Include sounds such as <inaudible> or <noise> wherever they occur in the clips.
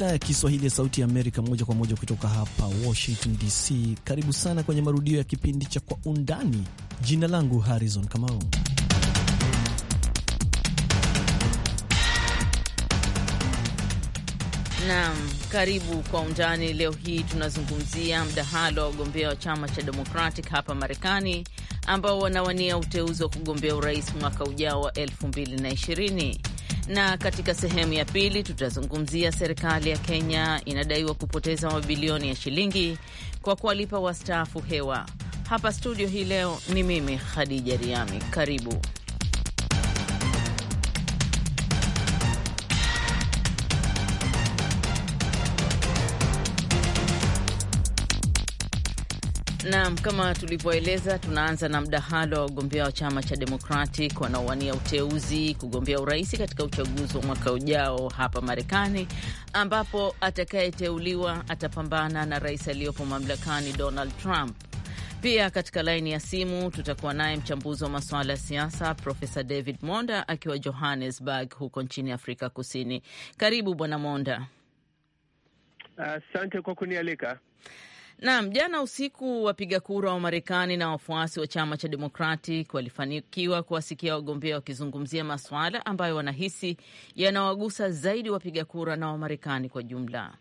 idhaa ya Kiswahili ya Sauti ya Amerika, moja kwa moja kutoka hapa Washington DC. Karibu sana kwenye marudio ya kipindi cha Kwa Undani. Jina langu Harrison Kamau. Naam, karibu kwa undani. Leo hii tunazungumzia mdahalo wa wagombea wa chama cha Democratic hapa Marekani ambao wanawania uteuzi wa kugombea urais mwaka ujao wa 2020 na katika sehemu ya pili tutazungumzia serikali ya Kenya inadaiwa kupoteza mabilioni ya shilingi kwa kuwalipa wastaafu hewa. Hapa studio hii leo ni mimi Khadija Riami, karibu. Naam, kama tulivyoeleza, tunaanza na mdahalo wa wagombea wa chama cha Democratic wanaowania uteuzi kugombea urais katika uchaguzi wa mwaka ujao hapa Marekani, ambapo atakayeteuliwa atapambana na rais aliyopo mamlakani Donald Trump. Pia katika laini ya simu tutakuwa naye mchambuzi wa masuala ya siasa Profesa David Monda akiwa Johannesburg huko nchini Afrika Kusini. Karibu Bwana Monda. Asante uh, kwa kunialika. Naam, jana usiku wapiga kura wa Marekani na wafuasi wa chama cha Democratic walifanikiwa kuwasikia wagombea wakizungumzia masuala ambayo wanahisi yanawagusa zaidi wapiga kura na Wamarekani kwa jumla.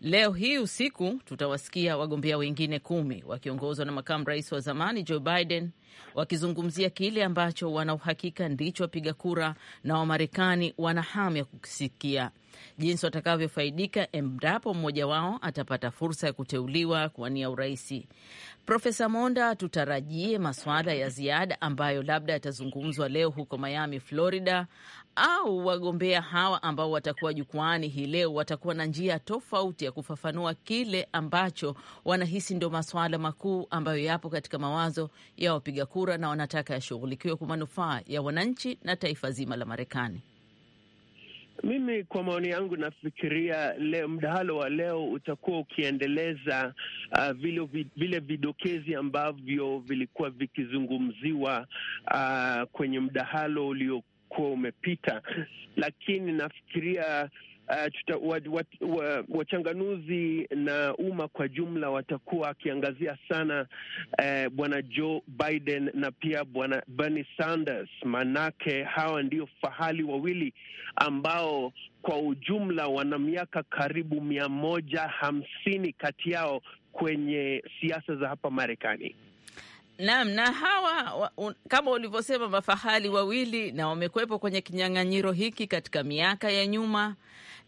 Leo hii usiku tutawasikia wagombea wengine kumi wakiongozwa na makamu rais wa zamani Joe Biden wakizungumzia kile ambacho wanauhakika ndicho wapiga kura na Wamarekani wana hamu ya kukisikia jinsi watakavyofaidika endapo mmoja wao atapata fursa ya kuteuliwa kuwania uraisi. Profesa Monda, tutarajie masuala ya ziada ambayo labda yatazungumzwa leo huko Miami, Florida, au wagombea hawa ambao watakuwa jukwani hii leo watakuwa na njia tofauti ya kufafanua kile ambacho wanahisi ndio masuala makuu ambayo yapo katika mawazo ya wapiga kura na wanataka yashughulikiwe kwa manufaa ya wananchi na taifa zima la Marekani. Mimi kwa maoni yangu nafikiria leo mdahalo wa leo utakuwa ukiendeleza uh, vile, vile vidokezi ambavyo vilikuwa vikizungumziwa uh, kwenye mdahalo uliokuwa umepita, lakini nafikiria Uh, wachanganuzi na umma kwa jumla watakuwa wakiangazia sana uh, bwana Joe Biden na pia bwana Bernie Sanders, manake hawa ndio fahali wawili ambao kwa ujumla wana miaka karibu mia moja hamsini kati yao kwenye siasa za hapa Marekani. Naam, na hawa wa, un, kama ulivyosema mafahali wawili na wamekuwepo kwenye kinyang'anyiro hiki katika miaka ya nyuma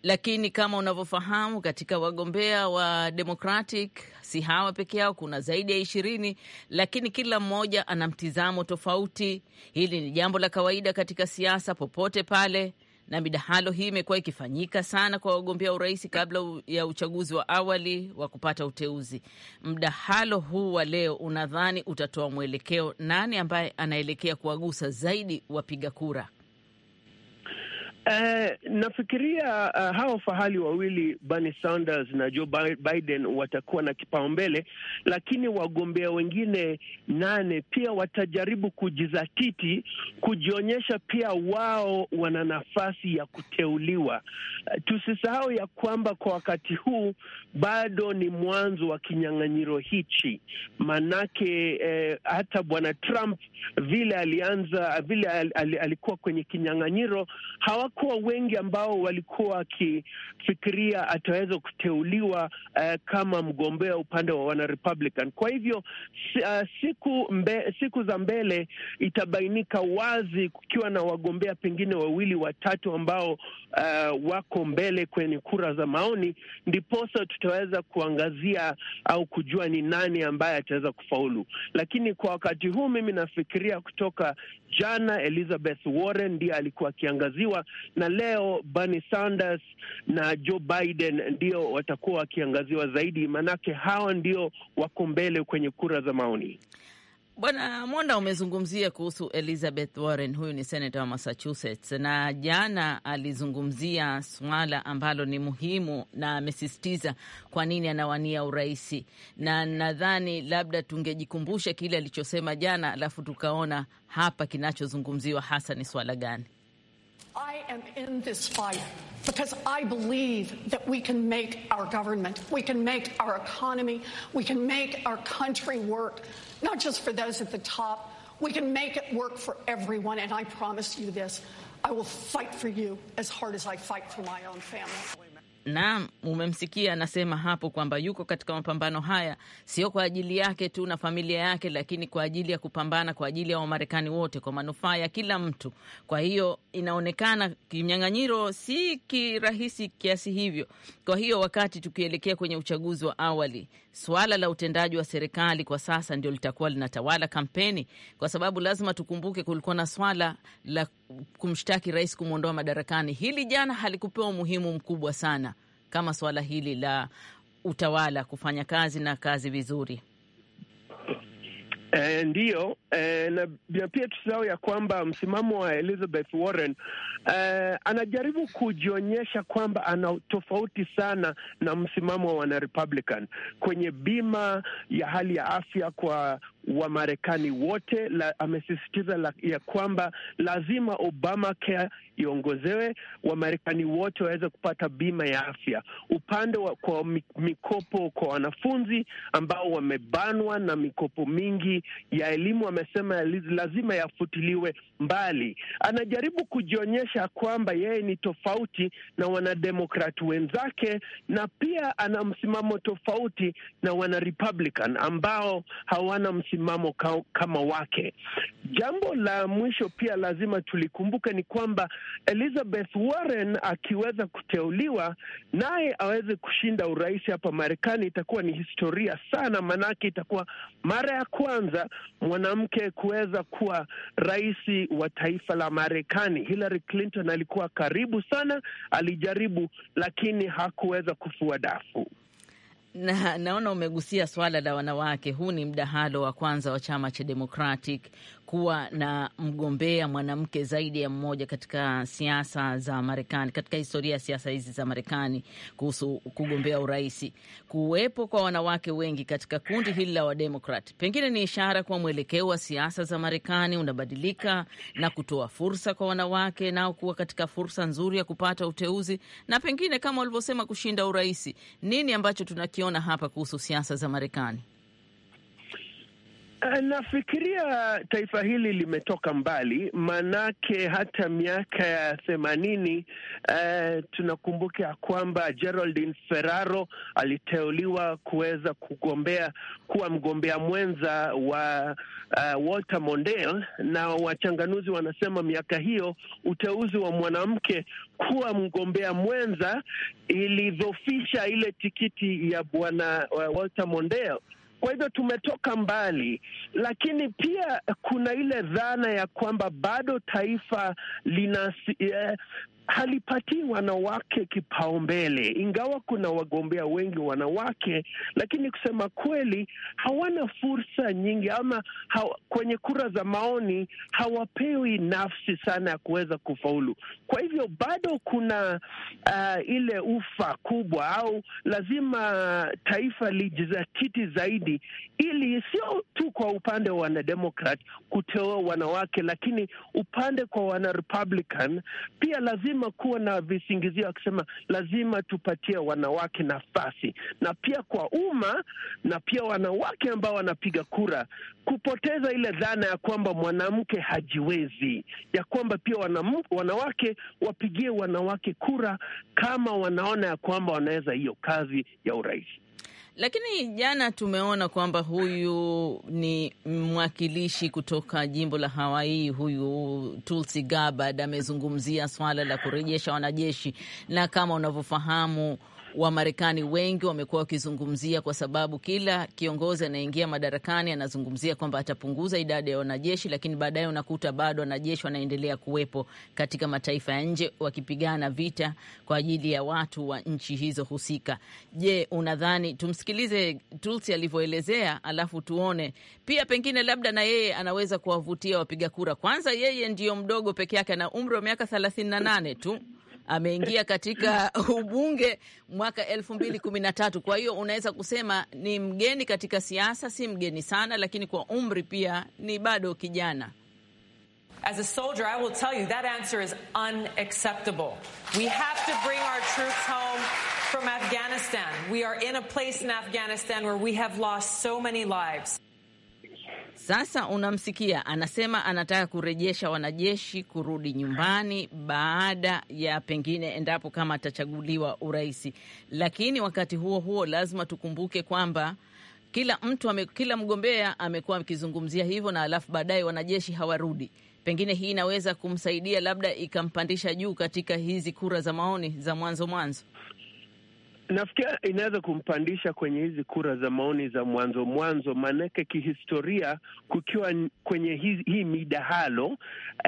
lakini kama unavyofahamu, katika wagombea wa Democratic si hawa peke yao, kuna zaidi ya ishirini, lakini kila mmoja ana mtizamo tofauti. Hili ni jambo la kawaida katika siasa popote pale, na midahalo hii imekuwa ikifanyika sana kwa wagombea urais kabla ya uchaguzi wa awali wa kupata uteuzi. Mdahalo huu wa leo, unadhani utatoa mwelekeo nani ambaye anaelekea kuwagusa zaidi wapiga kura? Eh, nafikiria uh, eh, hawa fahali wawili Bernie Sanders na Joe Biden watakuwa na kipaumbele, lakini wagombea wengine nane pia watajaribu kujizatiti kujionyesha, pia wao wana nafasi ya kuteuliwa. Uh, tusisahau ya kwamba kwa wakati huu bado ni mwanzo wa kinyang'anyiro hichi, manake eh, hata bwana Trump vile alianza vile al, al, alikuwa kwenye kinyang'anyiro hawa hawakuwa wengi ambao walikuwa wakifikiria ataweza kuteuliwa uh, kama mgombea upande wa wana Republican. Kwa hivyo uh, siku mbe, siku za mbele itabainika wazi, kukiwa na wagombea pengine wawili watatu ambao uh, wako mbele kwenye kura za maoni, ndiposa tutaweza kuangazia au kujua ni nani ambaye ataweza kufaulu. Lakini kwa wakati huu mimi nafikiria kutoka jana Elizabeth Warren ndiye alikuwa akiangaziwa na leo Bernie Sanders na Joe Biden ndio watakuwa wakiangaziwa zaidi, maanake hawa ndio wako mbele kwenye kura za maoni. Bwana Monda, umezungumzia kuhusu Elizabeth Warren, huyu ni senata wa Massachusetts, na jana alizungumzia swala ambalo ni muhimu na amesisitiza kwa nini anawania uraisi, na nadhani labda tungejikumbusha kile alichosema jana, alafu tukaona hapa kinachozungumziwa hasa ni swala gani. I am in this fight because I believe that we can make our government, we can make our economy, we can make our country work, not just for those at the top. We can make it work for everyone, and I promise you this I will fight for you as hard as I fight for my own family. na umemsikia anasema hapo kwamba yuko katika mapambano haya sio kwa ajili yake tu na familia yake, lakini kwa ajili ya kupambana kwa ajili ya Wamarekani wote kwa manufaa ya kila mtu. Kwa hiyo inaonekana kinyang'anyiro si kirahisi kiasi hivyo. Kwa hiyo wakati tukielekea kwenye uchaguzi wa awali, swala la utendaji wa serikali kwa sasa ndio litakuwa linatawala kampeni, kwa sababu lazima tukumbuke kulikuwa na swala la kumshtaki rais kumwondoa madarakani, hili jana halikupewa umuhimu mkubwa sana kama suala hili la utawala kufanya kazi na kazi vizuri. E, eh, ndiyo e, eh, na, na pia tusao ya kwamba msimamo wa Elizabeth Warren e, anajaribu kujionyesha kwamba ana tofauti sana na msimamo wa wanarepublican kwenye bima ya hali ya afya kwa wa Marekani wote la, amesisitiza la, ya kwamba lazima Obamacare iongozewe, Wamarekani wote waweze kupata bima ya afya. Upande wa kwa mikopo kwa wanafunzi ambao wamebanwa na mikopo mingi ya elimu, amesema lazima yafutiliwe mbali. Anajaribu kujionyesha kwamba yeye ni tofauti na wanademokrati wenzake, na pia ana msimamo tofauti na wanarepublican ambao hawana msimamo kama wake. Jambo la mwisho pia lazima tulikumbuke ni kwamba Elizabeth Warren akiweza kuteuliwa naye aweze kushinda urais hapa Marekani, itakuwa ni historia sana, maanake itakuwa mara ya kwanza mwanamke kuweza kuwa rais wa taifa la Marekani. Hillary Clinton alikuwa karibu sana, alijaribu lakini hakuweza kufua dafu na naona umegusia swala la wanawake. Huu ni mdahalo wa kwanza wa chama cha Democratic kuwa na mgombea mwanamke zaidi ya mmoja katika siasa za Marekani, katika historia ya siasa hizi za Marekani kuhusu kugombea urais. Kuwepo kwa wanawake wengi katika kundi hili la Wademokrat pengine ni ishara kuwa mwelekeo wa siasa za Marekani unabadilika na kutoa fursa kwa wanawake nao kuwa katika fursa nzuri ya kupata uteuzi na pengine kama walivyosema kushinda urais. Nini ambacho tunakiona hapa kuhusu siasa za Marekani? Eh, nafikiria taifa hili limetoka mbali, maanake hata miaka ya themanini eh, tunakumbuka ya kwamba Geraldine Ferraro aliteuliwa kuweza kugombea kuwa mgombea mwenza wa uh, Walter Mondale, na wachanganuzi wanasema miaka hiyo uteuzi wa mwanamke kuwa mgombea mwenza ilidhofisha ile tikiti ya bwana uh, Walter Mondale kwa hivyo tumetoka mbali, lakini pia kuna ile dhana ya kwamba bado taifa lina eh, halipatii wanawake kipaumbele, ingawa kuna wagombea wengi wanawake, lakini kusema kweli hawana fursa nyingi ama hawa, kwenye kura za maoni hawapewi nafsi sana ya kuweza kufaulu. Kwa hivyo bado kuna uh, ile ufa kubwa, au lazima taifa lijizatiti zaidi, ili sio tu kwa upande wa wanademokrat kuteua wanawake, lakini upande kwa wanarepublican pia lazima lazima kuwa na visingizio, akisema lazima tupatie wanawake nafasi, na pia kwa umma na pia wanawake ambao wanapiga kura, kupoteza ile dhana ya kwamba mwanamke hajiwezi, ya kwamba pia wanamu, wanawake wapigie wanawake kura kama wanaona ya kwamba wanaweza hiyo kazi ya urais. Lakini jana tumeona kwamba huyu ni mwakilishi kutoka jimbo la Hawaii, huyu Tulsi Gabbard amezungumzia swala la kurejesha wanajeshi, na kama unavyofahamu Wamarekani wengi wamekuwa wakizungumzia, kwa sababu kila kiongozi anaingia madarakani anazungumzia kwamba atapunguza idadi ya wanajeshi, lakini baadaye unakuta bado wanajeshi wanaendelea kuwepo katika mataifa ya nje wakipigana vita kwa ajili ya watu wa nchi hizo husika. Je, unadhani tumsikilize Tulsi alivyoelezea, alafu tuone pia pengine labda na yeye anaweza kuwavutia wapiga kura. Kwanza yeye ndiyo mdogo peke yake, ana umri wa miaka thelathini na nane tu ameingia katika <laughs> ubunge mwaka elfu mbili kumi na tatu. Kwa hiyo unaweza kusema ni mgeni katika siasa, si mgeni sana, lakini kwa umri pia ni bado kijana. As a soldier, I will tell you that answer is unacceptable. We have to bring our troops home from Afghanistan. We are in a place in Afghanistan where we have lost so many lives. Sasa unamsikia anasema anataka kurejesha wanajeshi kurudi nyumbani baada ya pengine, endapo kama atachaguliwa urais. Lakini wakati huo huo lazima tukumbuke kwamba kila mtu ame, kila mgombea amekuwa akizungumzia hivyo, na alafu baadaye wanajeshi hawarudi. Pengine hii inaweza kumsaidia labda ikampandisha juu katika hizi kura za maoni za mwanzo mwanzo nafikia inaweza kumpandisha kwenye hizi kura za maoni za mwanzo mwanzo, maanake kihistoria, kukiwa kwenye hii, hii midahalo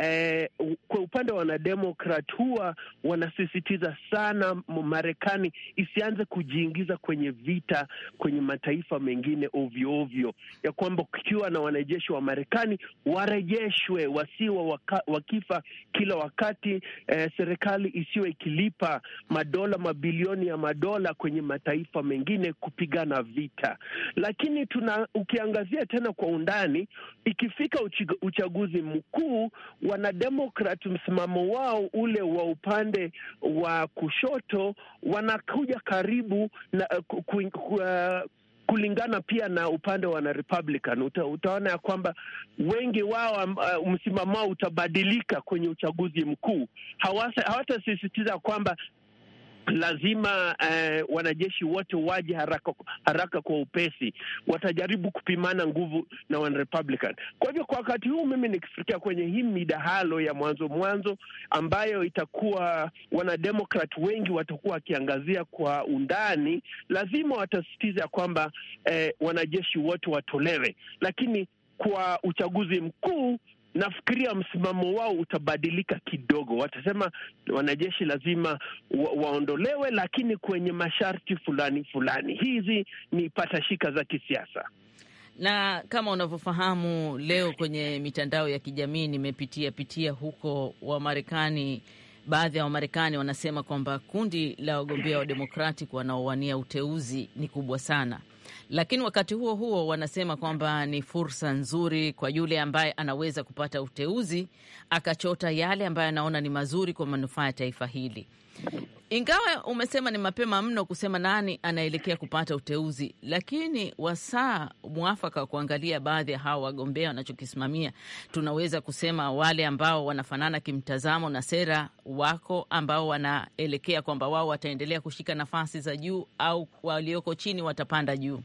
eh, kwa upande wa wanademokrat huwa wanasisitiza sana Marekani isianze kujiingiza kwenye vita kwenye mataifa mengine ovyo ovyo, ya kwamba kukiwa na wanajeshi wa Marekani warejeshwe, wasiwa waka, wakifa kila wakati eh, serikali isiwe ikilipa madola mabilioni ya madola kwenda kwenye mataifa mengine kupigana vita. Lakini tuna ukiangazia tena kwa undani, ikifika uchiga, uchaguzi mkuu, wanademokrat msimamo wao ule wa upande wa kushoto wanakuja karibu na eh, ku, ku, ku, uh, kulingana pia na upande wa na Republican uta, utaona ya kwamba wengi wao uh, msimamo wao utabadilika kwenye uchaguzi mkuu. Hawatasisitiza kwamba lazima eh, wanajeshi wote waje haraka, haraka kwa upesi. Watajaribu kupimana nguvu na wanarepublican. Kwa hivyo kwa wakati huu mimi nikifikia kwenye hii midahalo ya mwanzo mwanzo ambayo itakuwa wanademokrat wengi watakuwa wakiangazia kwa undani, lazima watasisitiza kwamba eh, wanajeshi wote watolewe, lakini kwa uchaguzi mkuu nafikiria msimamo wao utabadilika kidogo. Watasema wanajeshi lazima wa, waondolewe, lakini kwenye masharti fulani fulani. Hizi ni patashika za kisiasa na kama unavyofahamu leo kwenye mitandao ya kijamii nimepitia pitia huko Wamarekani baadhi ya Wamarekani wanasema kwamba kundi la wagombea wa Democratic wanaowania uteuzi ni kubwa sana, lakini wakati huo huo wanasema kwamba ni fursa nzuri kwa yule ambaye anaweza kupata uteuzi akachota yale ambayo anaona ni mazuri kwa manufaa ya taifa hili. Ingawa umesema ni mapema mno kusema nani anaelekea kupata uteuzi, lakini wasaa mwafaka wa kuangalia baadhi ya hawa wagombea wanachokisimamia, tunaweza kusema wale ambao wanafanana kimtazamo na sera wako, ambao wanaelekea kwamba wao wataendelea kushika nafasi za juu, au walioko chini watapanda juu.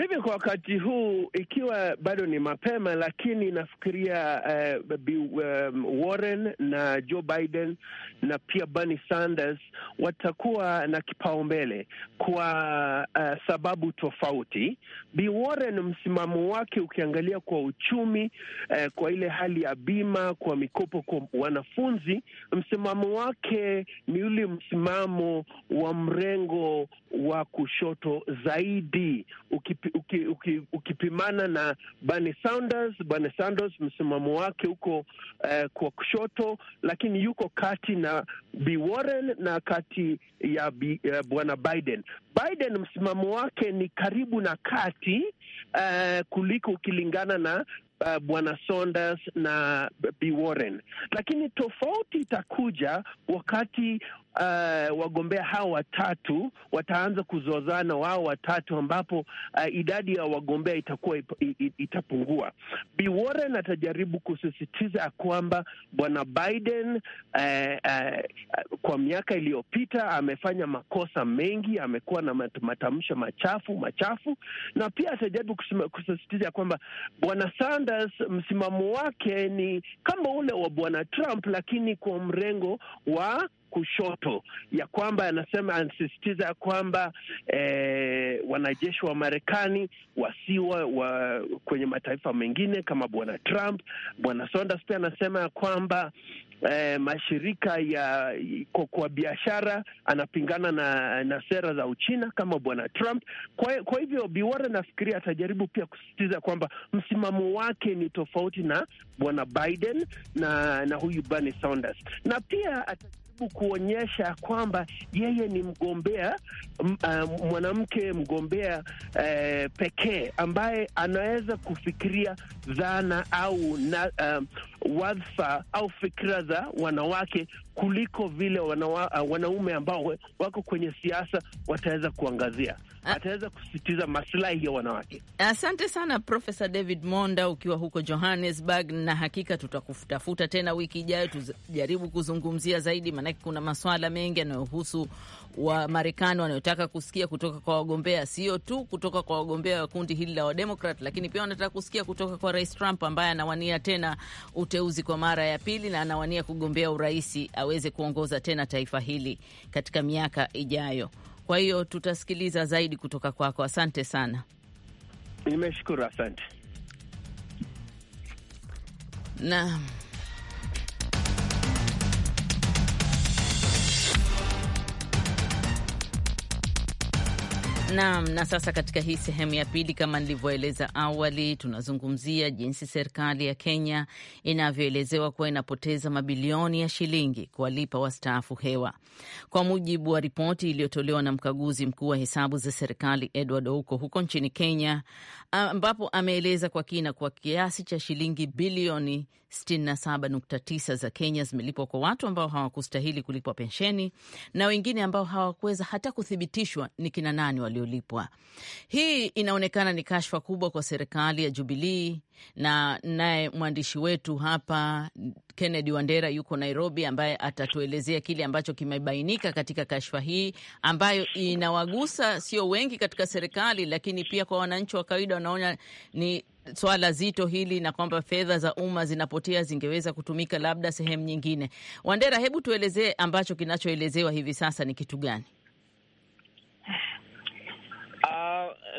Mimi kwa wakati huu ikiwa bado ni mapema, lakini nafikiria uh, um, Warren na Joe Biden na pia Bernie Sanders watakuwa na kipaumbele kwa uh, sababu tofauti. Bi Warren msimamo wake ukiangalia kwa uchumi, uh, kwa ile hali ya bima, kwa mikopo kwa wanafunzi, msimamo wake ni ule msimamo wa mrengo wa kushoto zaidi ukipi uki, uki, ukipimana na Bernie Sanders. Bernie Sanders msimamo wake uko uh, kwa kushoto, lakini yuko kati na Bi Warren na kati ya uh, bwana Biden. Biden msimamo wake ni karibu na kati uh, kuliko ukilingana na uh, bwana Saunders na B Warren, lakini tofauti itakuja wakati Uh, wagombea hao watatu wataanza kuzozana wao watatu, ambapo uh, idadi ya wagombea itakuwa itapungua. b Warren atajaribu kusisitiza ya kwamba bwana Biden uh, uh, kwa miaka iliyopita amefanya makosa mengi, amekuwa na matamsho machafu machafu, na pia atajaribu kusisitiza ya kwamba bwana Sanders msimamo wake ni kama ule wa bwana Trump, lakini kwa mrengo wa kushoto ya kwamba anasema anasisitiza ya kwamba eh, wanajeshi wa Marekani wasiwa wa kwenye mataifa mengine kama bwana Trump. Bwana Sanders pia anasema ya kwamba eh, mashirika ya kwa, kwa biashara anapingana na, na sera za Uchina kama bwana Trump. Kwa, kwa hivyo Bi Warren nafikiria atajaribu pia kusisitiza kwamba msimamo wake ni tofauti na bwana Biden na, na huyu Bernie Sanders na pia kuonyesha kwamba yeye ni mgombea uh, mwanamke mgombea uh, pekee ambaye anaweza kufikiria dhana au na, uh, wadhifa au fikra za wanawake kuliko vile wanawa, uh, wanaume ambao wako kwenye siasa wataweza kuangazia, ah. ataweza kusisitiza masilahi ya wanawake. Asante sana Profesa David Monda ukiwa huko Johannesburg, na hakika tutakutafuta tena wiki ijayo tujaribu kuzungumzia zaidi, maanake kuna maswala mengi yanayohusu Wamarekani wanayotaka kusikia kutoka kwa wagombea, sio tu kutoka kwa wagombea wa kundi hili la Wademokrat, lakini pia wanataka kusikia kutoka kwa Rais Trump ambaye anawania tena uteuzi kwa mara ya pili na anawania kugombea uraisi aweze kuongoza tena taifa hili katika miaka ijayo. Kwa hiyo tutasikiliza zaidi kutoka kwako. Asante sana. Nimeshukuru, asante. na Naam, na sasa katika hii sehemu ya pili, kama nilivyoeleza awali, tunazungumzia jinsi serikali ya Kenya inavyoelezewa kuwa inapoteza mabilioni ya shilingi kuwalipa wastaafu hewa. Kwa mujibu wa ripoti iliyotolewa na mkaguzi mkuu wa hesabu za serikali Edward Ouko huko nchini Kenya, ambapo ameeleza kwa kina kwa kiasi cha shilingi bilioni 67.9 za Kenya zimelipwa kwa watu ambao hawakustahili kulipwa pensheni na wengine ambao hawakuweza hata kuthibitishwa ni kina nani walio waliolipwa. Hii inaonekana ni kashfa kubwa kwa serikali ya Jubilii, na naye mwandishi wetu hapa Kennedy Wandera yuko Nairobi, ambaye atatuelezea kile ambacho kimebainika katika kashfa hii ambayo inawagusa sio wengi katika serikali, lakini pia kwa wananchi wa kawaida wanaona ni swala zito hili na kwamba fedha za umma zinapotea zingeweza kutumika labda sehemu nyingine. Wandera, hebu tuelezee ambacho kinachoelezewa hivi sasa ni kitu gani?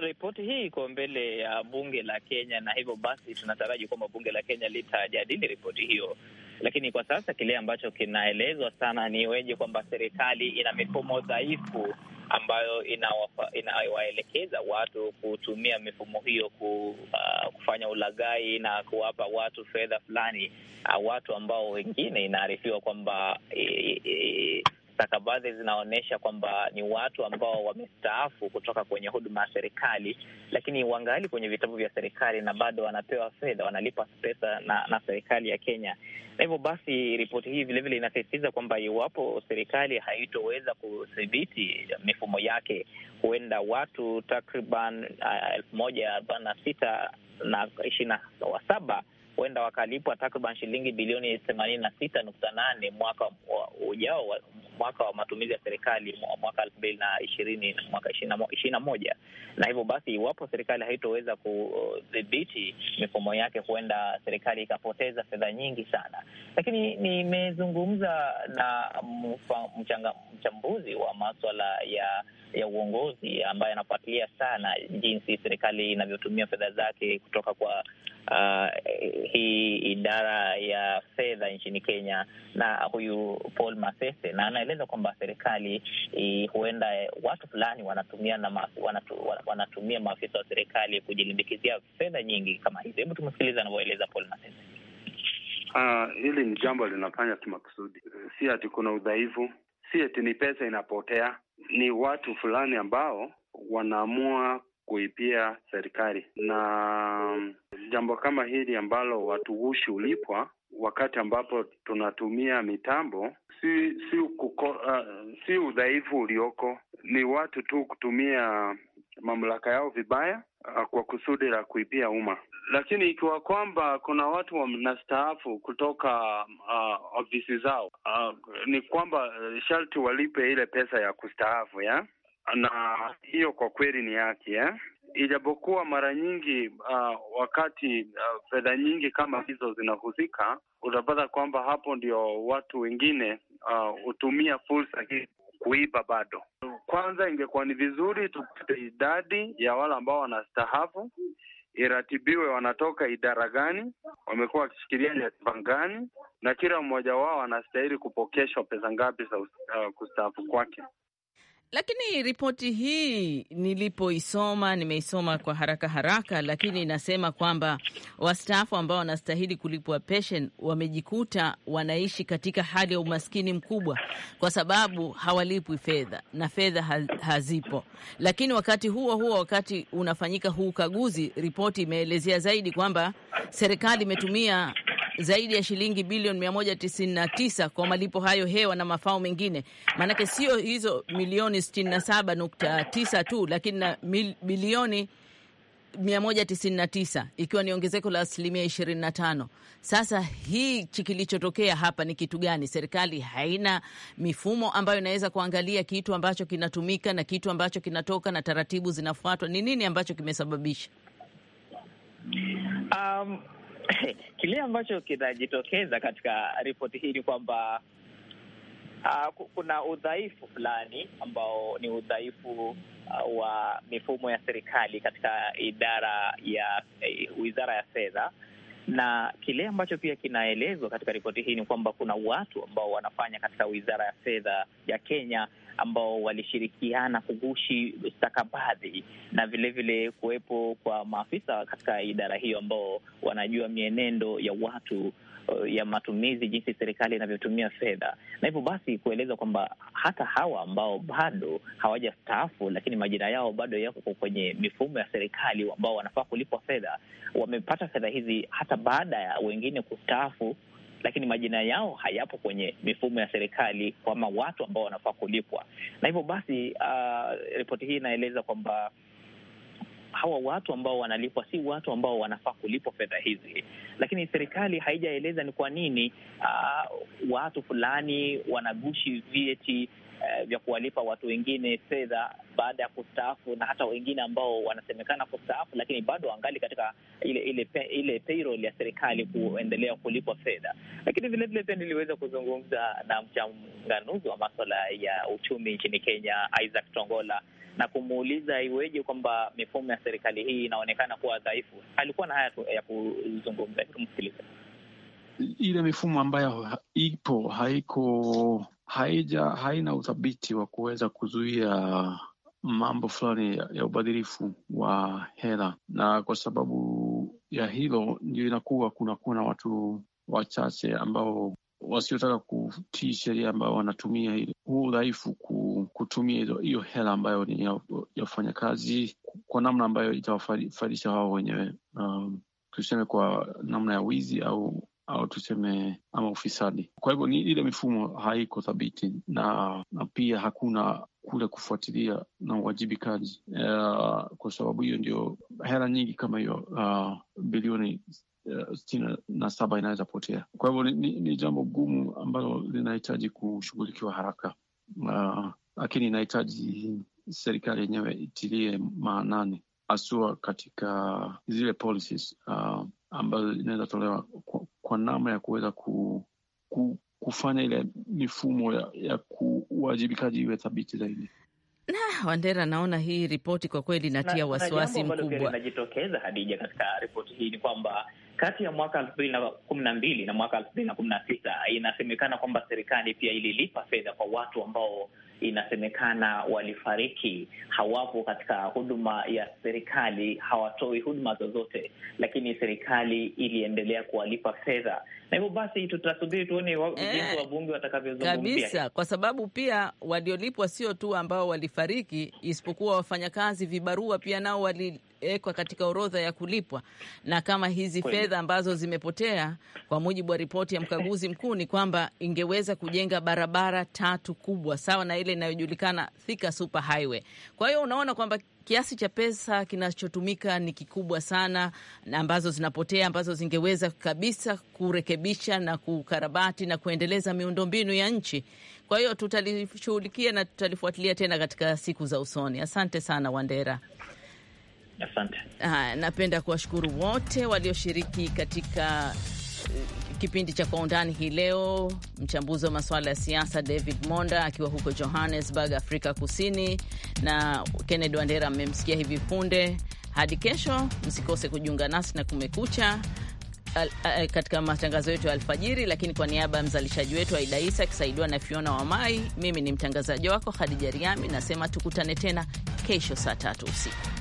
ripoti hii iko mbele ya bunge la Kenya, na hivyo basi tunataraji kwamba bunge la Kenya litajadili ripoti hiyo. Lakini kwa sasa kile ambacho kinaelezwa sana ni weje kwamba serikali ina mifumo dhaifu ambayo inawaelekeza watu kutumia mifumo hiyo ku, uh, kufanya ulaghai na kuwapa watu fedha fulani, uh, watu ambao wengine inaarifiwa kwamba stakabadhi zinaonyesha kwamba ni watu ambao wamestaafu kutoka kwenye huduma ya serikali, lakini wangali kwenye vitabu vya serikali na bado wanapewa fedha, wanalipa pesa na, na serikali ya Kenya. Na hivyo basi ripoti hii vilevile inasisitiza kwamba iwapo serikali haitoweza kudhibiti mifumo yake, huenda watu takriban uh, elfu moja arobaini na sita na ishirini na saba huenda wakalipwa takriban shilingi bilioni themanini na sita nukta nane mwaka ujao, mwaka wa matumizi ya serikali mwaka elfu mbili na ishirini na mwaka ishirini na moja na hivyo basi, iwapo serikali haitoweza kudhibiti mifumo yake, huenda serikali ikapoteza fedha nyingi sana. Lakini nimezungumza na mchanga, mchambuzi wa maswala ya ya uongozi ambaye anafuatilia sana jinsi serikali inavyotumia fedha zake kutoka kwa uh, hii idara ya fedha nchini Kenya na huyu Paul Masese, na anaeleza kwamba serikali huenda watu fulani wanatumia na ma, wanatu, wanatumia maafisa wa serikali kujilimbikizia fedha nyingi kama hizo. Hebu tumesikiliza anavyoeleza Paul Masese. Uh, hili ni jambo linafanya kimakusudi, si ati kuna udhaifu, si ati ni pesa inapotea, ni watu fulani ambao wanaamua kuipia serikali na jambo kama hili ambalo watuhushi ulipwa wakati ambapo tunatumia mitambo si si, kuko, uh, si udhaifu ulioko, ni watu tu kutumia mamlaka yao vibaya uh, kwa kusudi la kuipia umma. Lakini ikiwa kwamba kuna watu wanastaafu kutoka uh, ofisi zao uh, ni kwamba uh, sharti walipe ile pesa ya kustaafu ya na hiyo kwa kweli ni haki ya Ijapokuwa mara nyingi uh, wakati uh, fedha nyingi kama hizo zinahusika, utapata kwamba hapo ndio watu wengine ah, hutumia uh, fursa hii kuiba. Bado kwanza, ingekuwa ni vizuri tupate idadi ya wale ambao wanastahafu iratibiwe wanatoka idara gani, wamekuwa wakishikilia nyadhifa gani, na kila mmoja wao anastahili kupokeshwa pesa ngapi za uh, kustaafu kwake. Lakini ripoti hii nilipoisoma, nimeisoma kwa haraka haraka, lakini inasema kwamba wastaafu ambao wanastahili kulipwa pensheni wamejikuta wanaishi katika hali ya umaskini mkubwa, kwa sababu hawalipwi fedha na fedha hazipo. Lakini wakati huo huo, wakati unafanyika huu ukaguzi, ripoti imeelezea zaidi kwamba serikali imetumia zaidi ya shilingi bilioni mia moja tisini na tisa kwa malipo hayo hewa na mafao mengine. Maanake sio hizo milioni sitini na saba nukta tisa tu, lakini na bilioni mia moja tisini na tisa ikiwa ni ongezeko la asilimia ishirini na tano. Sasa hichi kilichotokea hapa ni kitu gani? Serikali haina mifumo ambayo inaweza kuangalia kitu ambacho kinatumika na kitu ambacho kinatoka na taratibu zinafuatwa. Ni nini ambacho kimesababisha um... <laughs> kile ambacho kinajitokeza katika ripoti hii ni kwamba uh, kuna udhaifu fulani ambao ni udhaifu uh, wa mifumo ya serikali katika idara ya uh, wizara ya fedha na kile ambacho pia kinaelezwa katika ripoti hii ni kwamba kuna watu ambao wanafanya katika wizara ya fedha ya Kenya ambao walishirikiana kugushi stakabadhi na vilevile kuwepo kwa maafisa katika idara hiyo ambao wanajua mienendo ya watu Eh, ya matumizi, jinsi serikali inavyotumia fedha, na hivyo basi kueleza kwamba hata hawa ambao bado hawajastaafu, lakini majina yao bado yako kwenye mifumo ya serikali, ambao wanafaa kulipwa fedha, wamepata fedha hizi hata baada ya wengine kustaafu lakini majina yao hayapo kwenye mifumo ya serikali kama watu ambao wanafaa kulipwa. Na hivyo basi, uh, ripoti hii inaeleza kwamba hawa watu ambao wanalipwa si watu ambao wanafaa kulipwa fedha hizi, lakini serikali haijaeleza ni kwa nini uh, watu fulani wanagushi vyeti uh, vya kuwalipa watu wengine fedha baada ya kustaafu na hata wengine ambao wanasemekana kustaafu, lakini bado wangali katika ile ile pe, ile payroll ya serikali kuendelea kulipwa fedha. Lakini vilevile pia niliweza kuzungumza na mchanganuzi wa maswala ya uchumi nchini Kenya, Isaac Tongola na kumuuliza iweje kwamba mifumo ya serikali hii inaonekana kuwa dhaifu. Alikuwa na haya ya kuzungumza, tumsikilize. Ile mifumo ambayo ipo haiko haija haina uthabiti wa kuweza kuzuia mambo fulani ya, ya ubadhirifu wa hela, na kwa sababu ya hilo ndio inakuwa kunakuwa na watu wachache ambao wasiotaka kutii sheria ambao wanatumia hili huu udhaifu kutumia hiyo hela ambayo ni ya, ya wafanyakazi kwa namna ambayo itawafaidisha wao wenyewe, um, tuseme kwa namna ya wizi au au tuseme ama ufisadi. Kwa hivyo ni ile mifumo haiko thabiti na, na pia hakuna kule kufuatilia na uwajibikaji uh, kwa sababu hiyo ndio hela nyingi kama hiyo uh, bilioni sitini uh, na saba inaweza potea. Kwa hivyo ni, ni jambo gumu ambalo linahitaji kushughulikiwa haraka, lakini uh, inahitaji serikali yenyewe itilie maanani haswa katika zile policies uh, ambazo inaweza tolewa kwa, kwa namna ya kuweza ku, ku, kufanya ile mifumo ya, ya ku uwajibikaji iwe thabiti zaidi. Na Wandera, naona hii ripoti kwa kweli inatia wasiwasi mkubwa. Inajitokeza Hadija, katika ripoti hii ni kwamba kati ya mwaka elfu mbili na kumi na mbili na mwaka elfu mbili na kumi na sita inasemekana kwamba serikali pia ililipa fedha kwa watu ambao inasemekana walifariki, hawapo katika huduma ya serikali, hawatoi huduma zozote, lakini serikali iliendelea kuwalipa fedha, na hivyo basi tutasubiri tuone eh, jinsi wabunge watakavyozungumzia kabisa, kwa sababu pia waliolipwa sio tu ambao walifariki, isipokuwa wafanyakazi vibarua pia nao wali kuwekwa katika orodha ya kulipwa, na kama hizi fedha ambazo zimepotea, kwa mujibu wa ripoti ya mkaguzi mkuu, ni kwamba ingeweza kujenga barabara tatu kubwa sawa na ile inayojulikana Thika Super Highway. Kwa hiyo unaona kwamba kiasi cha pesa kinachotumika ni kikubwa sana, na ambazo zinapotea ambazo zingeweza kabisa kurekebisha na kukarabati na kuendeleza miundombinu ya nchi. Kwa hiyo tutalishughulikia na tutalifuatilia tena katika siku za usoni. Asante sana Wandera. Asante. Ha, napenda kuwashukuru wote walioshiriki katika eh, kipindi cha Kwa Undani hii leo, mchambuzi wa masuala ya siasa David Monda akiwa huko Johannesburg, Afrika Kusini, na Kennedy Wandera amemsikia hivi punde. Hadi kesho, msikose kujiunga nasi na Kumekucha al, al, eh, katika matangazo yetu ya alfajiri. Lakini kwa niaba ya mzalishaji wetu Aida Isa akisaidiwa na Fiona Wamai, mimi ni mtangazaji wako Hadija Riami, nasema tukutane tena kesho saa tatu usiku.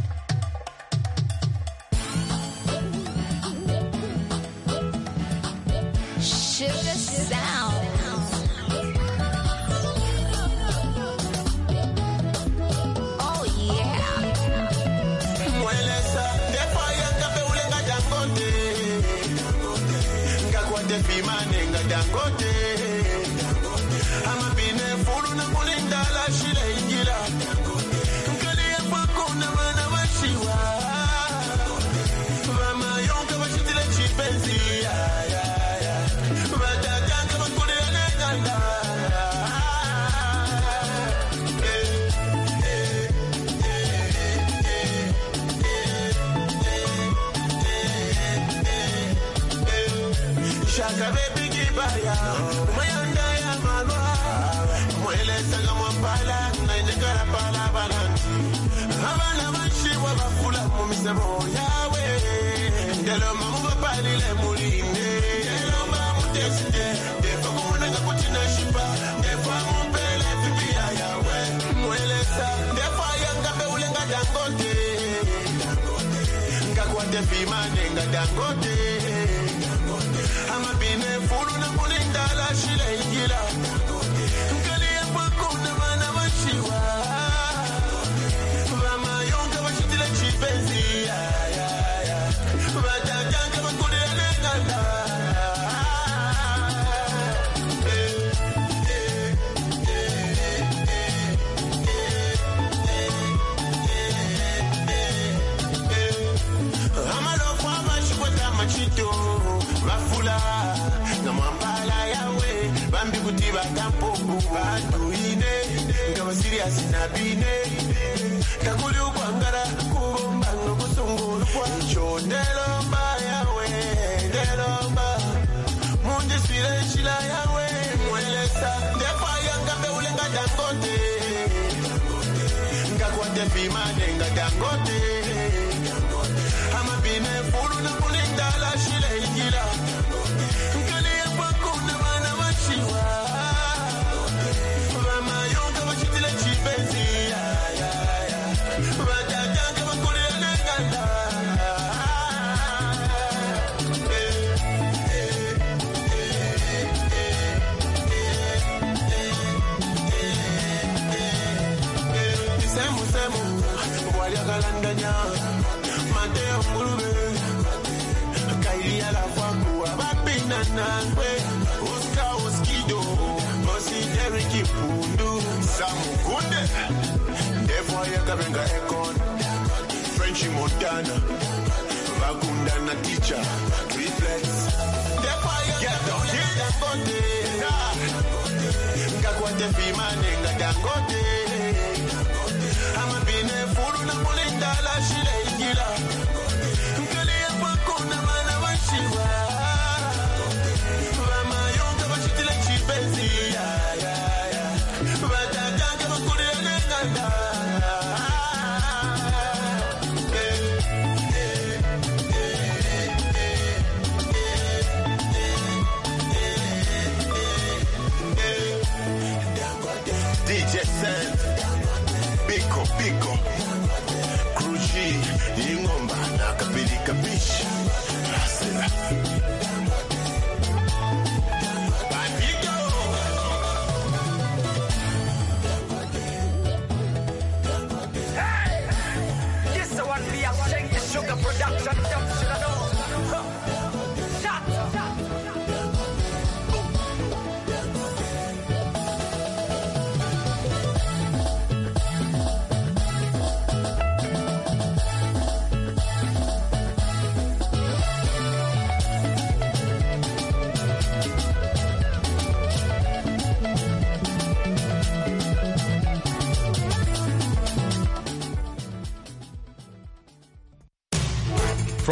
balance nainekala dangote na mwambala yawe bambi kuti batampopu batuine nananwe uska uskido mosideriki pundu samukunde ndefu ayakavenga ekon frenchi modana vakundana ticha triplex dangote